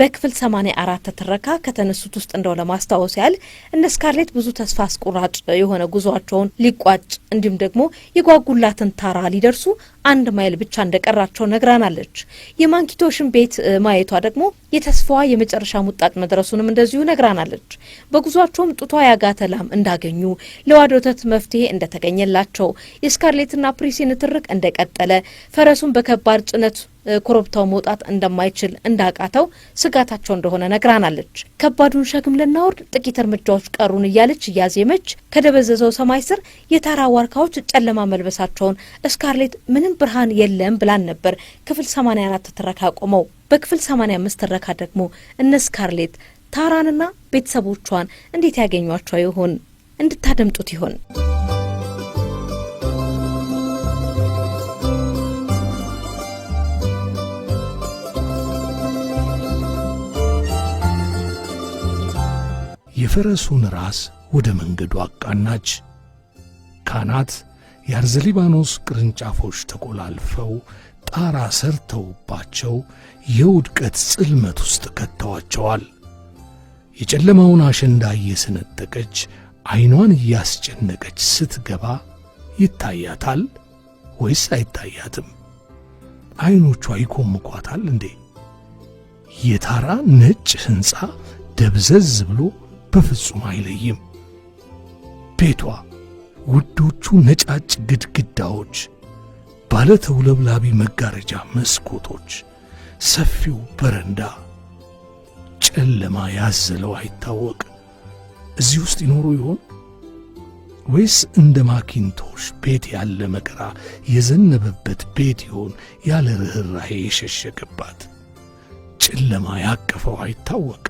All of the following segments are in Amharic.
በክፍል 84 ትረካ ከተነሱት ውስጥ እንደው ለማስታወስ ያህል እነ ስካርሌት ብዙ ተስፋ አስቆራጭ የሆነ ጉዟቸውን ሊቋጭ እንዲሁም ደግሞ የጓጉላትን ታራ ሊደርሱ አንድ ማይል ብቻ እንደቀራቸው ነግራናለች። የማንኪቶሽን ቤት ማየቷ ደግሞ የተስፋዋ የመጨረሻ ሙጣጭ መድረሱንም እንደዚሁ ነግራናለች። በጉዟቸውም ጡቷ ያጋተ ላም እንዳገኙ፣ ለዋድ ወተት መፍትሄ እንደተገኘላቸው፣ የስካርሌትና ፕሪሲን ትርክ እንደቀጠለ፣ ፈረሱን በከባድ ጭነት ኮረብታው መውጣት እንደማይችል እንዳቃተው ስጋታቸው እንደሆነ ነግራናለች። ከባዱን ሸክም ልናወርድ ጥቂት እርምጃዎች ቀሩን እያለች እያዜመች ከደበዘዘው ሰማይ ስር የታራ ዋርካዎች ጨለማ መልበሳቸውን እስካርሌት ምንም ብርሃን የለም ብላን ነበር። ክፍል 84 ትረካ ቆመው በክፍል 85 ትረካ ደግሞ እነ እስካርሌት ታራንና ቤተሰቦቿን እንዴት ያገኟቸው ይሆን? እንድታደምጡት ይሆን? የፈረሱን ራስ ወደ መንገዱ አቃናች። ካናት የአርዘ ሊባኖስ ቅርንጫፎች ተቆላልፈው ጣራ ሰርተውባቸው የውድቀት ጽልመት ውስጥ ከተዋቸዋል። የጨለማውን አሸንዳ እየሰነጠቀች ዐይኗን እያስጨነቀች ስትገባ ይታያታል ወይስ አይታያትም? ዐይኖቿ ይኮምኳታል እንዴ? የታራ ነጭ ሕንፃ ደብዘዝ ብሎ በፍጹም አይለይም። ቤቷ፣ ውዶቹ ነጫጭ ግድግዳዎች፣ ባለ ተውለብላቢ መጋረጃ መስኮቶች፣ ሰፊው በረንዳ፣ ጨለማ ያዘለው አይታወቅ። እዚህ ውስጥ ይኖሩ ይሆን ወይስ እንደ ማኪንቶሽ ቤት ያለ መከራ የዘነበበት ቤት ይሆን ያለ ርኅራኄ የሸሸገባት ጨለማ ያቀፈው አይታወቅ።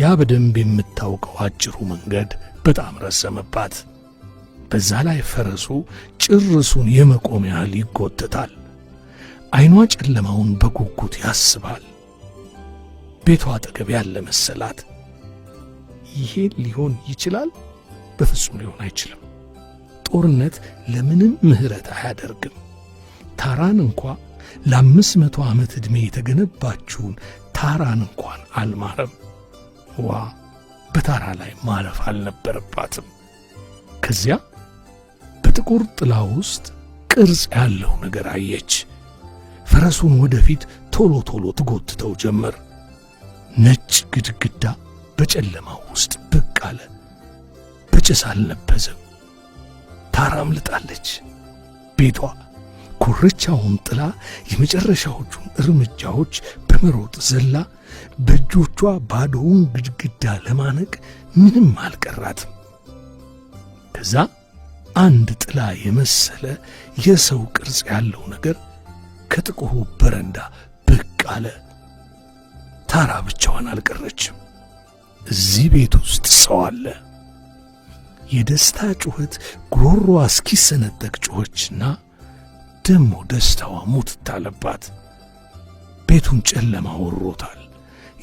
ያ በደንብ የምታውቀው አጭሩ መንገድ በጣም ረዘመባት። በዛ ላይ ፈረሱ ጭርሱን የመቆም ያህል ይጎተታል። ዓይኗ ጨለማውን በጉጉት ያስባል። ቤቷ አጠገብ ያለ መሰላት። ይሄ ሊሆን ይችላል? በፍጹም ሊሆን አይችልም። ጦርነት ለምንም ምሕረት አያደርግም። ታራን እንኳ ለአምስት መቶ ዓመት ዕድሜ የተገነባችውን ታራን እንኳን አልማረም። ውሃ በታራ ላይ ማለፍ አልነበረባትም። ከዚያ በጥቁር ጥላ ውስጥ ቅርጽ ያለው ነገር አየች። ፈረሱን ወደፊት ቶሎ ቶሎ ትጎትተው ጀመር። ነጭ ግድግዳ በጨለማው ውስጥ ብቅ አለ። በጭስ አልነበዘም። ታራም ልጣለች ቤቷ ኮርቻውን ጥላ የመጨረሻዎቹን እርምጃዎች በመሮጥ ዘላ። በእጆቿ ባዶውን ግድግዳ ለማነቅ ምንም አልቀራትም። ከዛ አንድ ጥላ የመሰለ የሰው ቅርጽ ያለው ነገር ከጥቁሩ በረንዳ ብቅ አለ። ታራ ብቻዋን አልቀረችም። እዚህ ቤት ውስጥ ሰው አለ። የደስታ ጩኸት ጎሮ እስኪሰነጠቅ ጩኸችና ደሞ ደስታዋ ሙት ታለባት። ቤቱን ጨለማ ወሮታል።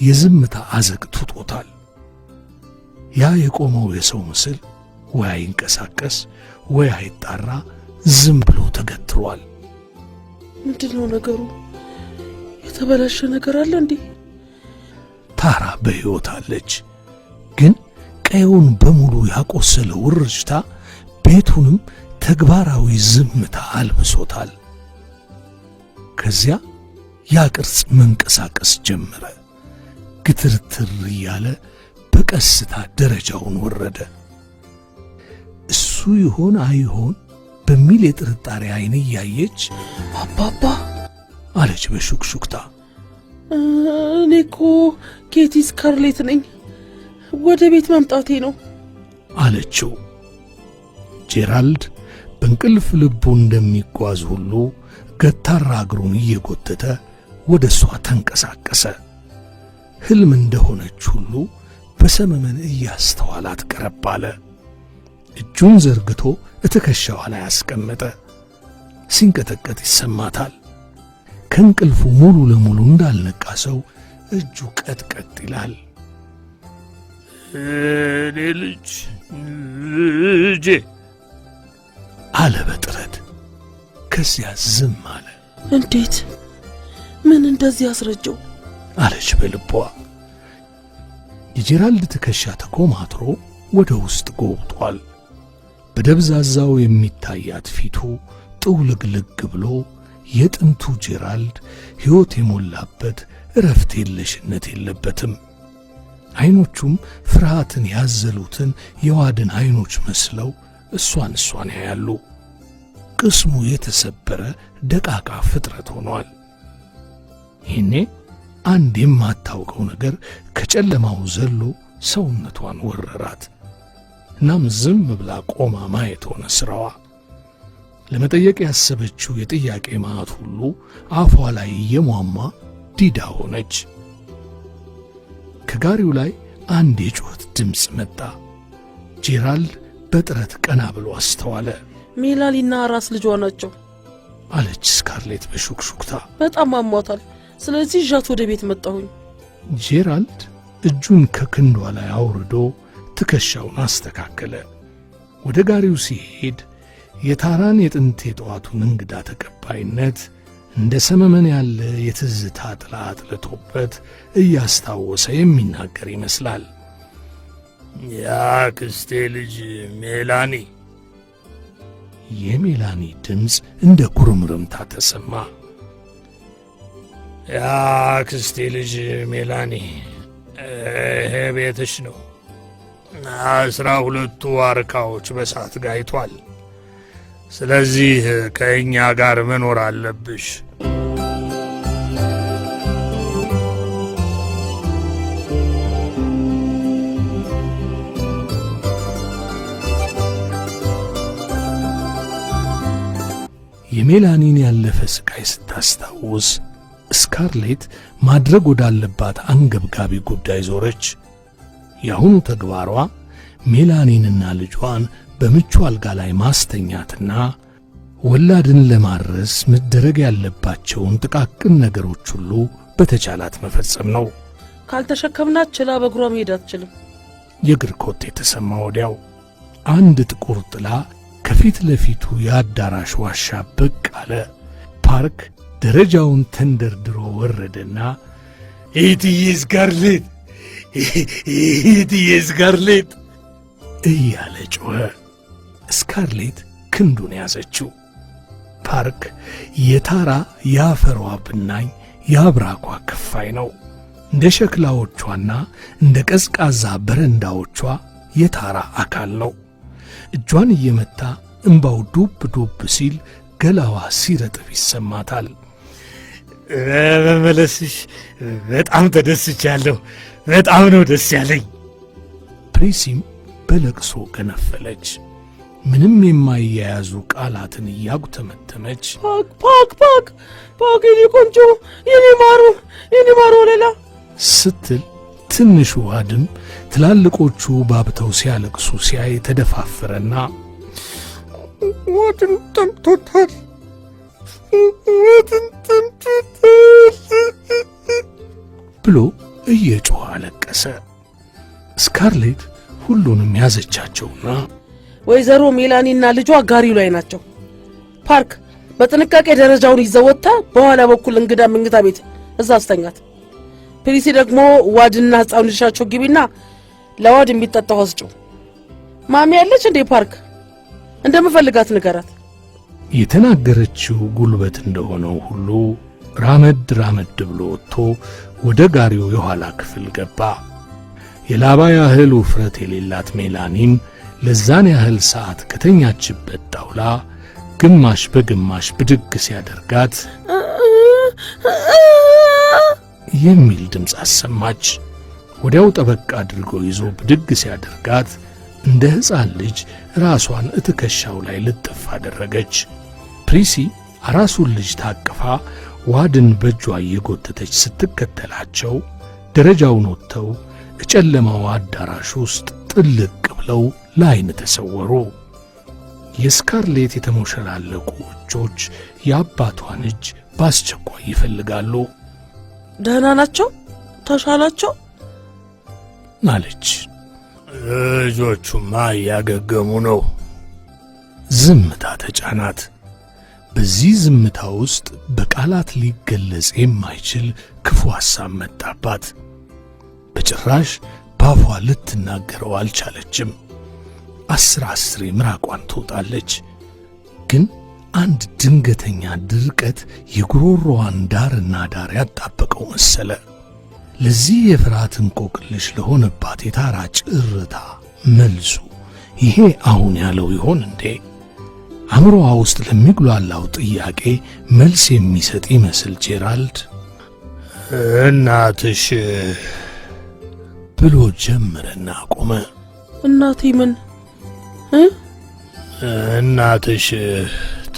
የዝምታ አዘቅ ትጦታል። ያ የቆመው የሰው ምስል ወይ አይንቀሳቀስ ወይ አይጣራ፣ ዝም ብሎ ተገትሯል። ምንድነው ነገሩ? የተበላሸ ነገር አለ እንዴ? ታራ በሕይወት አለች፣ ግን ቀየውን በሙሉ ያቆሰለ ውርጅታ ቤቱንም ተግባራዊ ዝምታ አልብሶታል። ከዚያ ያ ቅርጽ መንቀሳቀስ ጀመረ። ግትርትር እያለ በቀስታ ደረጃውን ወረደ። እሱ ይሆን አይሆን በሚል የጥርጣሬ አይን እያየች አባባ አለች በሹክሹክታ። እኔ እኮ ኬቲ ስካርሌት ነኝ፣ ወደ ቤት መምጣቴ ነው አለችው። ጄራልድ በእንቅልፍ ልቡ እንደሚጓዝ ሁሉ ገታራ እግሩን እየጎተተ ወደ እሷ ተንቀሳቀሰ። ሕልም እንደሆነች ሁሉ በሰመመን እያስተዋላት ቀረብ አለ። እጁን ዘርግቶ እትከሻዋ ላይ አስቀመጠ። ሲንቀጠቀጥ ይሰማታል። ከእንቅልፉ ሙሉ ለሙሉ እንዳልነቃ ሰው እጁ ቀጥቀጥ ይላል። እኔ ልጅ ልጄ አለ በጥረት ከዚያ ዝም አለ። እንዴት ምን እንደዚህ ያስረጀው አለች በልቧ። የጄራልድ ትከሻ ተኮማትሮ ወደ ውስጥ ጎብጧል። በደብዛዛው የሚታያት ፊቱ ጥውልግልግ ብሎ የጥንቱ ጄራልድ ሕይወት የሞላበት እረፍት የለሽነት የለበትም። ዐይኖቹም ፍርሃትን ያዘሉትን የዋድን ዐይኖች መስለው እሷን እሷን ያያሉ። ቅስሙ የተሰበረ ደቃቃ ፍጥረት ሆኗል። ይህኔ አንድ የማታውቀው ነገር ከጨለማው ዘሎ ሰውነቷን ወረራት። እናም ዝም ብላ ቆማ ማየት ሆነ ሥራዋ። ለመጠየቅ ያሰበችው የጥያቄ ማዕት ሁሉ አፏ ላይ እየሟሟ ዲዳ ሆነች። ከጋሪው ላይ አንድ የጩኸት ድምፅ መጣ። ጄራልድ በጥረት ቀና ብሎ አስተዋለ። ሜላሊና ራስ ልጇ ናቸው አለች ስካርሌት በሹክሹክታ። በጣም አሟታል። ስለዚህ እዣት ወደ ቤት መጣሁኝ። ጄራልድ እጁን ከክንዷ ላይ አውርዶ ትከሻውን አስተካከለ። ወደ ጋሪው ሲሄድ የታራን የጥንት የጠዋቱን እንግዳ ተቀባይነት እንደ ሰመመን ያለ የትዝታ ጥላ አጥለቶበት እያስታወሰ የሚናገር ይመስላል። ያ ክስቴ ልጅ ሜላኒ የሜላኒ ድምፅ እንደ ጉርምርምታ ተሰማ። ያ ክስቴ ልጅ ሜላኒ፣ ይሄ ቤትሽ ነው። አስራ ሁለቱ ዋርካዎች በሳት ጋይቷል። ስለዚህ ከእኛ ጋር መኖር አለብሽ። የሜላኒን ያለፈ ሥቃይ ስታስታውስ ስካርሌት ማድረግ ወዳለባት አንገብጋቢ ጉዳይ ዞረች። የአሁኑ ተግባሯ ሜላኒንና ልጇን በምቹ አልጋ ላይ ማስተኛትና ወላድን ለማድረስ መደረግ ያለባቸውን ጥቃቅን ነገሮች ሁሉ በተቻላት መፈጸም ነው። ካልተሸከምናት ችላ በእግሯ መሄድ አትችልም። የእግር ኮቴ የተሰማ ወዲያው አንድ ጥቁር ጥላ ከፊት ለፊቱ የአዳራሽ ዋሻ ብቅ አለ። ፓርክ ደረጃውን ተንደርድሮ ወረደና እትዬ ስካርሌት፣ እትዬ ስካርሌት እያለ ጮኸ። ስካርሌት ክንዱን ያዘችው። ፓርክ የታራ የአፈሯ ብናኝ የአብራኳ ክፋይ ነው። እንደ ሸክላዎቿና እንደ ቀዝቃዛ በረንዳዎቿ የታራ አካል ነው። እጇን እየመታ እምባው ዱብ ዱብ ሲል ገላዋ ሲረጥፍ ይሰማታል። በመመለስሽ በጣም ተደስቻለሁ። በጣም ነው ደስ ያለኝ። ፕሬሲም በለቅሶ ገነፈለች። ምንም የማያያዙ ቃላትን እያጉተመተመች ፓክ ፓክ ፓክ ፓክ የኔ ቆንጆ የኔ ማሩ የኔ ማሩ ሌላ ስትል ትንሹ አድም ትላልቆቹ ባብተው ሲያለቅሱ ሲያይ ተደፋፈረና ወድን ጠምቶታል፣ ወድን ጠምቶታል ብሎ እየጮኸ አለቀሰ። ስካርሌት ሁሉንም ያዘቻቸውና ወይዘሮ ሜላኒና ልጇ ጋሪው ላይ ናቸው። ፓርክ በጥንቃቄ ደረጃውን ይዘወታ በኋላ በኩል እንግዳ መኝታ ቤት እዛ አስተኛት። ፕሪሲ ደግሞ ዋድና ህፃውን ልሻቸው ግቢና ለዋድ የሚጠጣ ወስጩ። ማሚ ያለች እንዴ ፓርክ እንደምፈልጋት ንገራት። የተናገረችው ጉልበት እንደሆነው ሁሉ ራመድ ራመድ ብሎ ወጥቶ ወደ ጋሪው የኋላ ክፍል ገባ። የላባ ያህል ውፍረት የሌላት ሜላኒም ለዛን ያህል ሰዓት ከተኛችበት ጣውላ ግማሽ በግማሽ ብድግ ሲያደርጋት የሚል ድምፅ አሰማች። ወዲያው ጠበቅ አድርጎ ይዞ ብድግ ሲያደርጋት እንደ ሕፃን ልጅ ራሷን እትከሻው ላይ ልጥፍ አደረገች። ፕሪሲ አራሱን ልጅ ታቅፋ ዋድን በእጇ እየጎተተች ስትከተላቸው ደረጃውን ወጥተው ከጨለማው አዳራሽ ውስጥ ጥልቅ ብለው ለዓይን ተሰወሩ። የስካርሌት የተሞሸላለቁ እጆች የአባቷን እጅ በአስቸኳይ ይፈልጋሉ። ደህና ናቸው? ተሻላቸው? አለች። ልጆቹማ እያገገሙ ነው። ዝምታ ተጫናት። በዚህ ዝምታ ውስጥ በቃላት ሊገለጽ የማይችል ክፉ ሐሳብ መጣባት። በጭራሽ ባፏ ልትናገረው አልቻለችም። አስር አስሬ ምራቋን ትወጣለች ግን አንድ ድንገተኛ ድርቀት የጉሮሮዋን ዳርና ዳር ያጣበቀው መሰለ። ለዚህ የፍርሃት እንቆቅልሽ ለሆነባት የታራ ጭርታ መልሱ ይሄ አሁን ያለው ይሆን እንዴ? አእምሮዋ ውስጥ ለሚጉላላው ጥያቄ መልስ የሚሰጥ ይመስል ጄራልድ እናትሽ ብሎ ጀመረና ቆመ። እናቴ ምን እናትሽ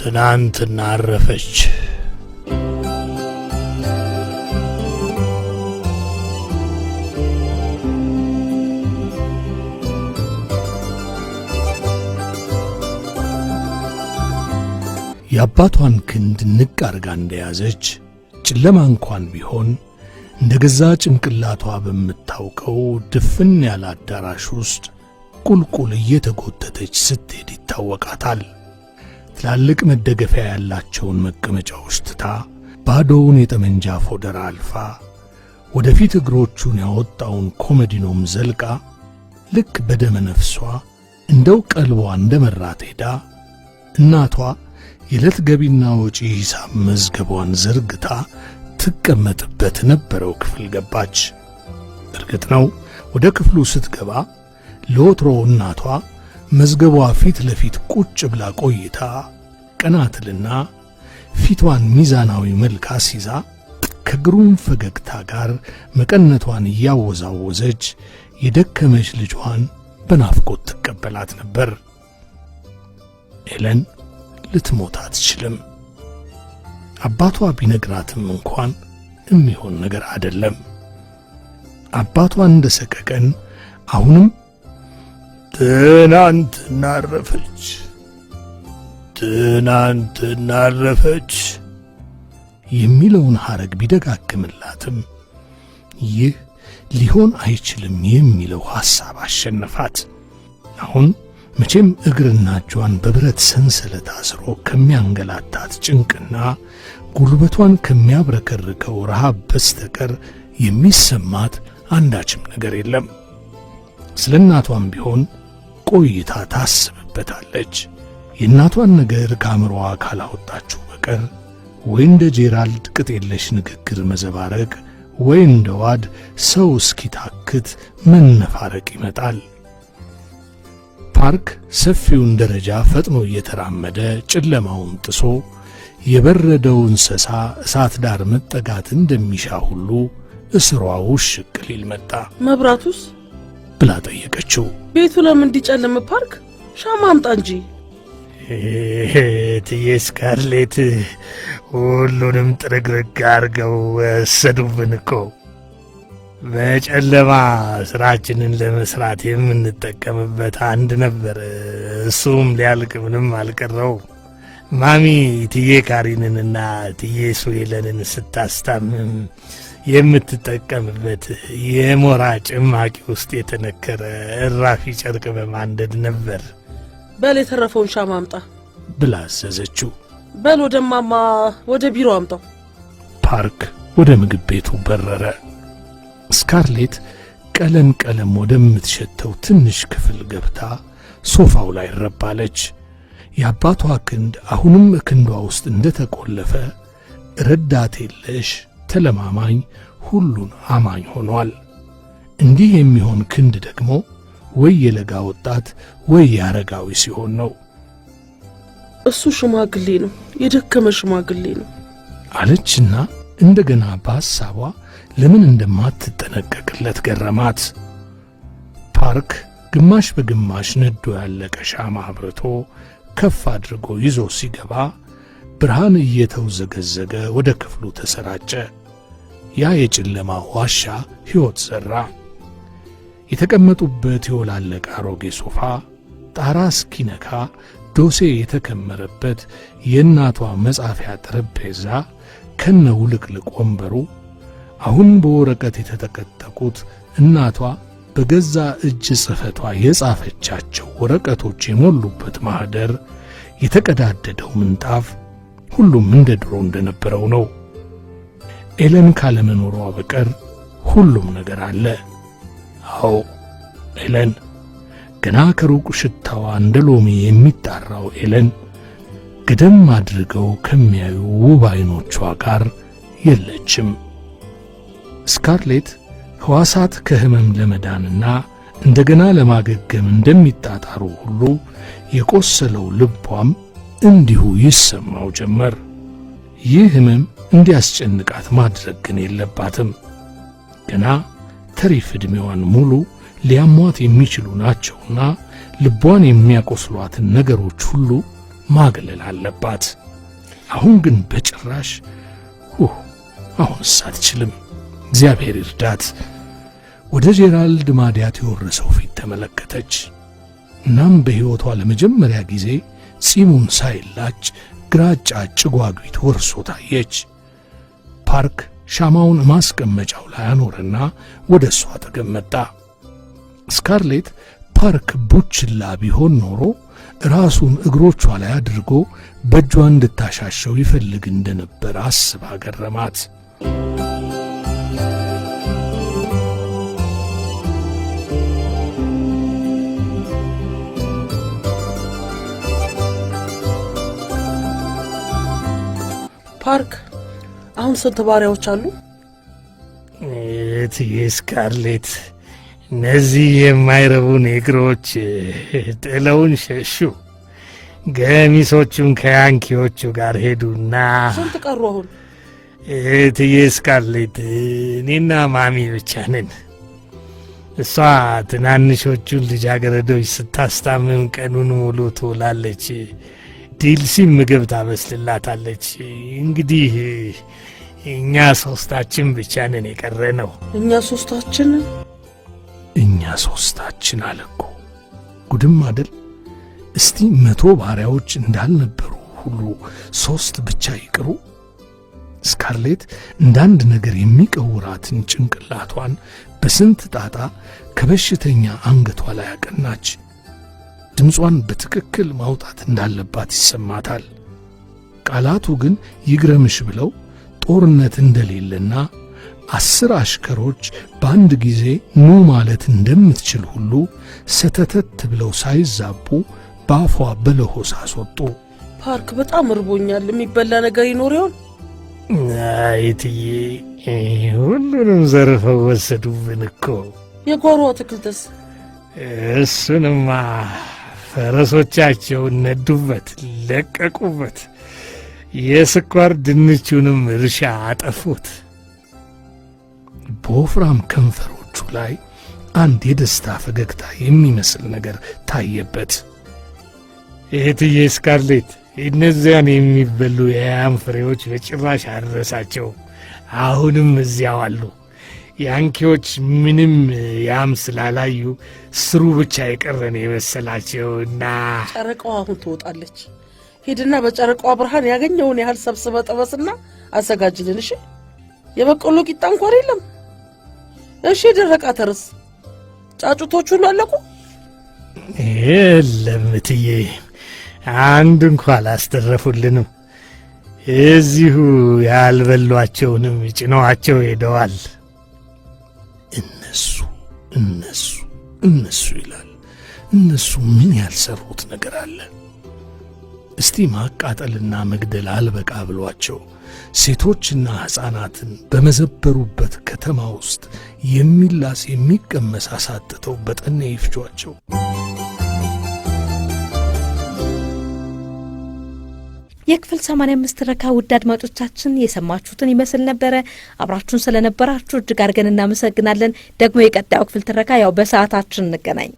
ትናንትና አረፈች። የአባቷን ክንድ ንቅ አርጋ እንደያዘች ጨለማ እንኳን ቢሆን እንደ ገዛ ጭንቅላቷ በምታውቀው ድፍን ያለ አዳራሽ ውስጥ ቁልቁል እየተጎተተች ስትሄድ ይታወቃታል። ትላልቅ መደገፊያ ያላቸውን መቀመጫዎች ትታ ባዶውን የጠመንጃ ፎደር አልፋ ወደፊት እግሮቹን ያወጣውን ኮመዲኖም ዘልቃ ልክ በደመ ነፍሷ እንደው ቀልቧ እንደ መራት ሄዳ እናቷ የዕለት ገቢና ወጪ ሂሳብ መዝገቧን ዘርግታ ትቀመጥበት ነበረው ክፍል ገባች። እርግጥ ነው ወደ ክፍሉ ስትገባ ለወትሮ እናቷ መዝገቧ ፊት ለፊት ቁጭ ብላ ቆይታ ቀናትልና ፊቷን ሚዛናዊ መልክ አስይዛ ከግሩም ፈገግታ ጋር መቀነቷን እያወዛወዘች የደከመች ልጇን በናፍቆት ትቀበላት ነበር። ኤለን ልትሞት አትችልም። አባቷ ቢነግራትም እንኳን የሚሆን ነገር አይደለም። አባቷ እንደ ሰቀቀን አሁንም ትናንት እናረፈች ትናንት እናረፈች የሚለውን ሐረግ ቢደጋግምላትም ይህ ሊሆን አይችልም የሚለው ሐሳብ አሸነፋት። አሁን መቼም እግርና እጇን በብረት ሰንሰለት አስሮ ከሚያንገላታት ጭንቅና ጉልበቷን ከሚያብረከርከው ረሃብ በስተቀር የሚሰማት አንዳችም ነገር የለም። ስለ እናቷም ቢሆን ቆይታ ታስብበታለች። የእናቷን ነገር ከአእምሮዋ ካላወጣችሁ በቀር ወይ እንደ ጄራልድ ቅጥ የለሽ ንግግር መዘባረቅ ወይ እንደ ዋድ ሰው እስኪታክት መነፋረቅ ይመጣል። ፓርክ ሰፊውን ደረጃ ፈጥኖ እየተራመደ ጨለማውን ጥሶ የበረደው እንስሳ እሳት ዳር መጠጋት እንደሚሻ ሁሉ እስሯ ውሽቅ ሊል መጣ። መብራቱስ ብላ ጠየቀችው። ቤቱ ለምን እንዲጨልም ፓርክ ሻማ አምጣ እንጂ። ትዬ ስካርሌት ሁሉንም ጥርግርግ አድርገው ወሰዱብን እኮ። በጨለማ ስራችንን ለመስራት የምንጠቀምበት አንድ ነበር፣ እሱም ሊያልቅ ምንም አልቀረውም። ማሚ ትዬ ካሪንንና ትዬ ሱሄለንን ስታስታምም የምትጠቀምበት የሞራ ጭማቂ ውስጥ የተነከረ እራፊ ጨርቅ በማንደድ ነበር። በል የተረፈውን ሻማ አምጣ ብላ አዘዘችው። በል ወደ ማማ ወደ ቢሮ አምጣው። ፓርክ ወደ ምግብ ቤቱ በረረ። ስካርሌት ቀለም ቀለም ወደምትሸተው ትንሽ ክፍል ገብታ ሶፋው ላይ ረባለች። የአባቷ ክንድ አሁንም ክንዷ ውስጥ እንደ ተቆለፈ ረዳት የለሽ ተለማማኝ፣ ሁሉን አማኝ ሆኗል። እንዲህ የሚሆን ክንድ ደግሞ ወይ የለጋ ወጣት ወይ የአረጋዊ ሲሆን ነው። እሱ ሽማግሌ ነው፣ የደከመ ሽማግሌ ነው አለችና እንደገና በሐሳቧ ለምን እንደማትጠነቀቅለት ገረማት። ፓርክ ግማሽ በግማሽ ነዶ ያለቀ ሻማ አብርቶ ከፍ አድርጎ ይዞ ሲገባ ብርሃን እየተውዘገዘገ ወደ ክፍሉ ተሰራጨ። ያ የጨለማ ዋሻ ሕይወት ዘራ። የተቀመጡበት የወላለቀ አሮጌ ሶፋ ጣራ እስኪነካ ዶሴ የተከመረበት የእናቷ መጻፊያ ጠረጴዛ ከነ ውልቅልቅ ወንበሩ አሁን በወረቀት የተጠቀጠቁት እናቷ በገዛ እጅ ጽፈቷ የጻፈቻቸው ወረቀቶች የሞሉበት ማኅደር፣ የተቀዳደደው ምንጣፍ፣ ሁሉም እንደ ድሮ እንደነበረው ነው። ኤለን ካለመኖሯ በቀር ሁሉም ነገር አለ። አዎ ኤለን፣ ገና ከሩቅ ሽታዋ እንደ ሎሚ የሚጣራው ኤለን ገደም አድርገው ከሚያዩ ውብ ዐይኖቿ ጋር የለችም። ስካርሌት ሕዋሳት ከሕመም ለመዳንና እንደገና ለማገገም እንደሚጣጣሩ ሁሉ የቆሰለው ልቧም እንዲሁ ይሰማው ጀመር። ይህ ሕመም እንዲያስጨንቃት ማድረግ ግን የለባትም። ገና ተሪፍ ዕድሜዋን ሙሉ ሊያሟት የሚችሉ ናቸውና ልቧን የሚያቆስሏትን ነገሮች ሁሉ ማግለል አለባት። አሁን ግን በጭራሽ አሁን አሁንስ አትችልም። እግዚአብሔር ይርዳት። ወደ ጄራልድ ማዲያት የወረሰው ፊት ተመለከተች። እናም በሕይወቷ ለመጀመሪያ ጊዜ ጺሙን ሳይላጭ ግራጫ ጭጓጉት ወርሶ ታየች። ፓርክ ሻማውን ማስቀመጫው ላይ አኖረና ወደ እሷ አጠገብ መጣ። ስካርሌት ፓርክ ቡችላ ቢሆን ኖሮ ራሱን እግሮቿ ላይ አድርጎ በእጇ እንድታሻሸው ይፈልግ እንደነበር አስባ ገረማት። ፓርክ አሁን ስንት ባሪያዎች አሉ? እትዬ ስካርሌት፣ እነዚህ የማይረቡ ኔግሮች ጥለውን ሸሹ። ገሚሶቹን ከያንኪዎቹ ጋር ሄዱና ስንት ቀሩ አሁን? እትዬ ስካርሌት፣ እኔና ማሚ ብቻ ነን። እሷ ትናንሾቹን ልጃገረዶች ስታስታምም ቀኑን ሙሉ ትውላለች። ዲልሲ ምግብ ታበስልላታለች። እንግዲህ እኛ ሶስታችን ብቻ ነን የቀረ ነው። እኛ ሶስታችን እኛ ሶስታችን አለኮ። ጉድም አደል። እስቲ መቶ ባሪያዎች እንዳልነበሩ ሁሉ ሶስት ብቻ ይቅሩ። ስካርሌት እንዳንድ ነገር የሚቀውራትን ጭንቅላቷን በስንት ጣጣ ከበሽተኛ አንገቷ ላይ አቀናች። ድምጿን በትክክል ማውጣት እንዳለባት ይሰማታል። ቃላቱ ግን ይግረምሽ ብለው ጦርነት እንደሌለና አስር አሽከሮች በአንድ ጊዜ ኑ ማለት እንደምትችል ሁሉ ሰተተት ብለው ሳይዛቡ በአፏ በለሆሳ አስወጡ። ፓርክ፣ በጣም እርቦኛል። የሚበላ ነገር ይኖር ይሆን? አይትዬ፣ ሁሉንም ዘርፈው ወሰዱብን እኮ። የጓሮ አትክልትስ? እሱንማ ፈረሶቻቸው ነዱበት፣ ለቀቁበት፣ የስኳር ድንቹንም እርሻ አጠፉት። በወፍራም ከንፈሮቹ ላይ አንድ የደስታ ፈገግታ የሚመስል ነገር ታየበት። እህትዬ ስካርሌት እነዚያን የሚበሉ የያም ፍሬዎች በጭራሽ አልረሳቸውም። አሁንም እዚያው አሉ። ያንኪዎች ምንም ያም ስላላዩ ስሩ ብቻ የቀረን የመሰላቸው እና ጨረቃዋ አሁን ትወጣለች። ሂድና በጨረቃዋ ብርሃን ያገኘውን ያህል ሰብስበ ጥበስና አዘጋጅልን። እሺ፣ የበቆሎ ቂጣ እንኳን የለም። እሺ፣ ደረቃ ተርስ ጫጩቶቹ ሁሉ አለቁ። የለም እትዬ፣ አንድ እንኳ አላስተረፉልንም። እዚሁ ያልበሏቸውንም ጭነዋቸው ሄደዋል። እነሱ እነሱ እነሱ ይላል። እነሱ ምን ያልሰሩት ነገር አለ? እስቲ ማቃጠልና መግደል አልበቃ ብሏቸው ሴቶችና ሕፃናትን በመዘበሩበት ከተማ ውስጥ የሚላስ የሚቀመስ አሳጥተው በጠኔ ይፍጇቸው። የክፍል 85 ትረካ ውድ አድማጮቻችን የሰማችሁትን ይመስል ነበረ። አብራችሁን ስለነበራችሁ እጅግ አድርገን እናመሰግናለን። ደግሞ የቀጣዩ ክፍል ትረካ ያው በሰዓታችን እንገናኝ።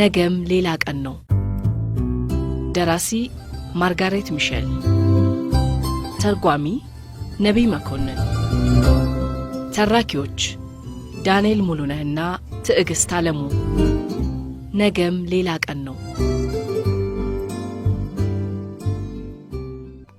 ነገም ሌላ ቀን ነው። ደራሲ ማርጋሬት ሚሸል ተርጓሚ ነቢይ መኮንን፣ ተራኪዎች ዳንኤል ሙሉነህና ትዕግሥት አለሙ ነገም ሌላ ቀን ነው።